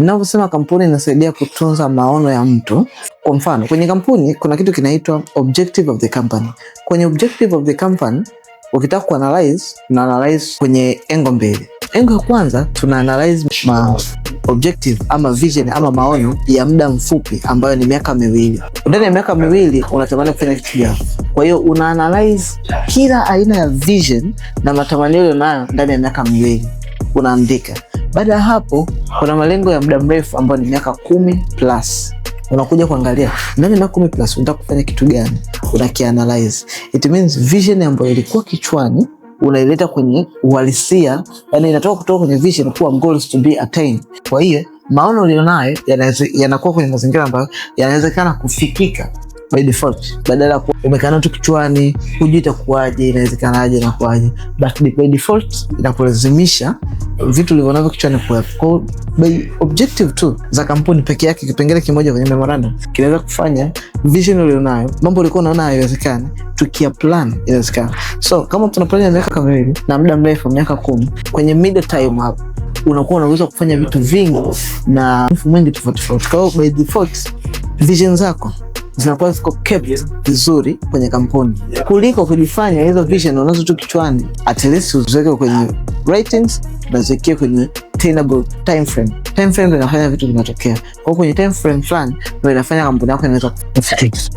Ninavyosema kampuni inasaidia kutunza maono ya mtu. Kwa mfano, kwenye kampuni kuna kitu kinaitwa objective of the company. Kwenye objective of the company, ukitaka kuanalyze, tunaanalyze kwenye engo mbili. Engo ya kwanza tunaanalyze ma objective ama vision ama maono ya muda mfupi ambayo ni miaka miwili. Ndani ya miaka miwili unatamani kufanya kitu gani? Kwa hiyo una analyze kila aina ya vision na matamanio ulionayo ndani ya miaka miwili unaandika. Baada ya hapo kuna malengo ya muda mrefu ambayo ni miaka kumi plus unakuja kuangalia ndani na kumi plus unataka kufanya kitu gani, unakianalyze. It means vision ambayo ilikuwa kichwani unaileta kwenye uhalisia, yani inatoka kutoka kwenye vision kuwa goals to be attained. Kwa hiyo maono ulionayo yanakuwa kwenye mazingira ambayo yanawezekana kufikika by default, badala ya umekana tu kichwani, hujui itakuwaje, inawezekanaje, inakuwaje, but by default inakulazimisha vitu ulivyonavyo kichwani kuwepo kwa by objective tu za kampuni peke yake. Kipengele kimoja kwenye memorandum kinaweza kufanya vision ulionayo, mambo ulikuwa unaona haiwezekani, tukia plan inawezekana. So kama tuna plan ya miaka kamili na muda mrefu, miaka kumi, kwenye mid time hapo unakuwa unaweza kufanya vitu vingi na mfu mwingi tofauti tofauti. Kwa hiyo by default vision zako zinakuwa ziko kept vizuri kwenye kampuni kuliko kujifanya hizo vision unazo tu kichwani, at least uziweke kwenye writings nazikia kwenye attainable time frame. Time frame ndio inafanya vitu vinatokea. Kwa hiyo kwenye time frame fulani ndio inafanya kampuni yako inaweza kufikika.